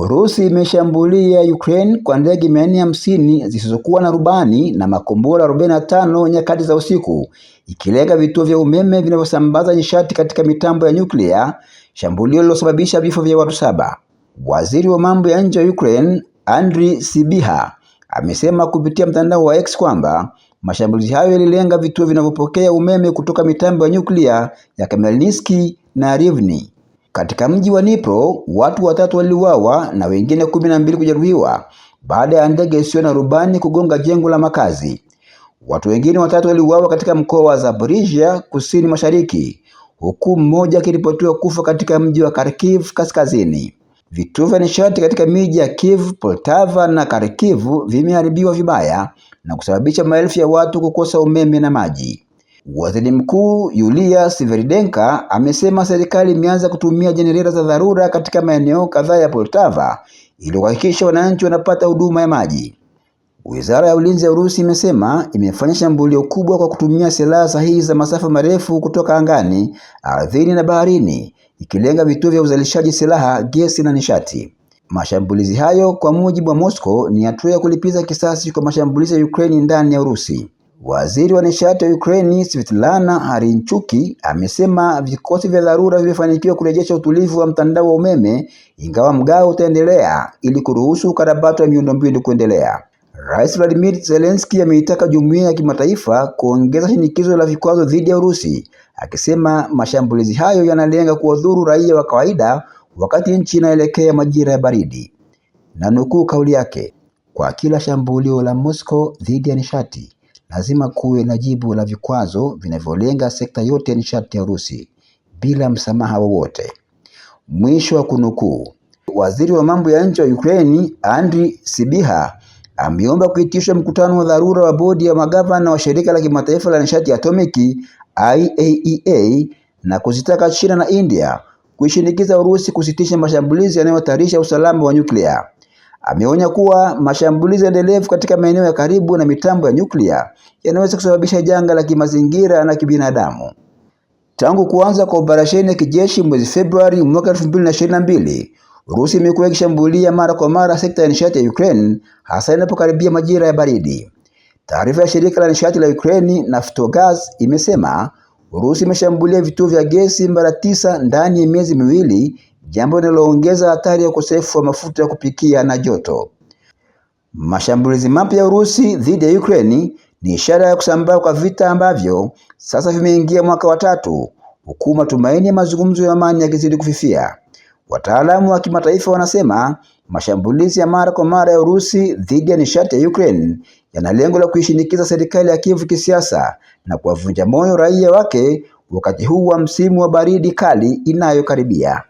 Urusi imeshambulia Ukraine kwa ndege hamsini zisizokuwa na rubani na makombora 45 nyakati za usiku, ikilenga vituo vya umeme vinavyosambaza nishati katika mitambo ya nyuklia, shambulio lililosababisha vifo vya watu saba. Waziri wa mambo ya nje wa Ukraine, andri sibiha amesema kupitia mtandao wa X kwamba mashambulizi hayo yalilenga vituo vinavyopokea umeme kutoka mitambo ya nyuklia ya Khmelnytskyi na Rivne. Katika mji wa Dnipro, watu watatu waliuawa na wengine kumi na mbili kujeruhiwa baada ya ndege isiyo na rubani kugonga jengo la makazi. Watu wengine watatu waliuawa katika mkoa wa Zaporizhia kusini mashariki, huku mmoja akiripotiwa kufa katika mji wa Kharkiv kaskazini. Vituo vya nishati katika miji ya Kiev, Poltava na Kharkiv vimeharibiwa vibaya na kusababisha maelfu ya watu kukosa umeme na maji. Waziri Mkuu Yulia Sviridenka amesema serikali imeanza kutumia jenereta za dharura katika maeneo kadhaa ya Poltava ili kuhakikisha wananchi wanapata huduma ya maji. Wizara ya Ulinzi ya Urusi imesema imefanya shambulio kubwa kwa kutumia silaha sahihi za masafa marefu kutoka angani, ardhini na baharini, ikilenga vituo vya uzalishaji silaha, gesi na nishati. Mashambulizi hayo, kwa mujibu wa Moscow, ni hatua ya kulipiza kisasi kwa mashambulizi ya Ukraine ndani ya Urusi. Waziri wa nishati wa Ukraini Svetlana Harinchuki amesema vikosi vya dharura vimefanikiwa kurejesha utulivu wa mtandao wa umeme ingawa mgao utaendelea ili kuruhusu ukarabati wa miundombinu kuendelea. Rais Vladimir Zelensky ameitaka jumuiya ya kimataifa kuongeza shinikizo la vikwazo dhidi ya Urusi, akisema mashambulizi hayo yanalenga kuwadhuru raia wa kawaida wakati nchi inaelekea majira ya baridi. Na nukuu kauli yake, kwa kila shambulio la Moscow dhidi ya nishati lazima kuwe na jibu la vikwazo vinavyolenga sekta yote ya nishati ya Urusi bila msamaha wowote. Mwisho wa kunukuu. Waziri wa mambo ya nje wa Ukraine andri Sibiha ameomba kuitishwa mkutano wa dharura wa bodi ya magavana wa shirika la kimataifa la nishati ya atomiki IAEA e na kuzitaka China na India kuishinikiza Urusi kusitisha mashambulizi yanayohatarisha usalama wa nyuklia. Ameonya kuwa mashambulizi endelevu katika maeneo ya karibu na mitambo ya nyuklia yanaweza kusababisha janga la kimazingira na kibinadamu. Tangu kuanza kwa operesheni ya kijeshi mwezi Februari mwaka 2022, Urusi imekuwa ikishambulia mara kwa mara sekta ya nishati ya Ukraine hasa inapokaribia majira ya baridi. Taarifa ya shirika la nishati la Ukraine Naftogaz imesema Urusi imeshambulia vituo vya gesi mara tisa ndani ya miezi miwili jambo linaloongeza hatari ya ukosefu wa mafuta ya kupikia na joto. Mashambulizi mapya ya Urusi dhidi ya Ukraine ni ishara ya kusambaa kwa vita ambavyo sasa vimeingia mwaka wa tatu, huku matumaini ya mazungumzo ya amani yakizidi kufifia. Wataalamu wa kimataifa wanasema mashambulizi ya mara kwa mara ya Urusi dhidi ya nishati ya Ukraine yana lengo la kuishinikiza serikali ya Kiev kisiasa na kuwavunja moyo raia wake wakati huu wa msimu wa baridi kali inayokaribia.